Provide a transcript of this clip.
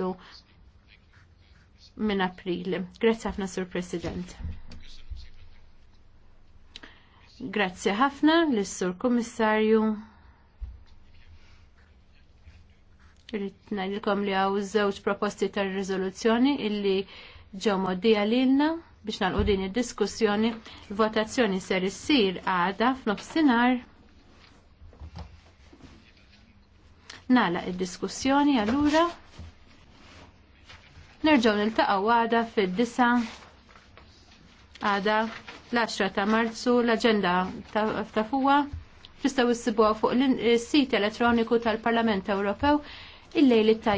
jitlu minn April. Grazzi ħafna, Sur President. Grazzi ħafna l-Sur Kommissarju. Rrit najdilkom li hawn żewġ proposti tar-riżoluzzjoni illi ġew moddija lilna biex nalqu din id-diskussjoni. Votazzjoni ser issir għada f'nofsinhar. Nagħlaq id-diskussjoni allura. Nerġgħu niltaqgħu għada fid-disa għada l-10 ta' Marzu l-aġenda ta' fuwa tistgħu issibuha fuq is eh, sit elettroniku tal-Parlament Ewropew il-lejl it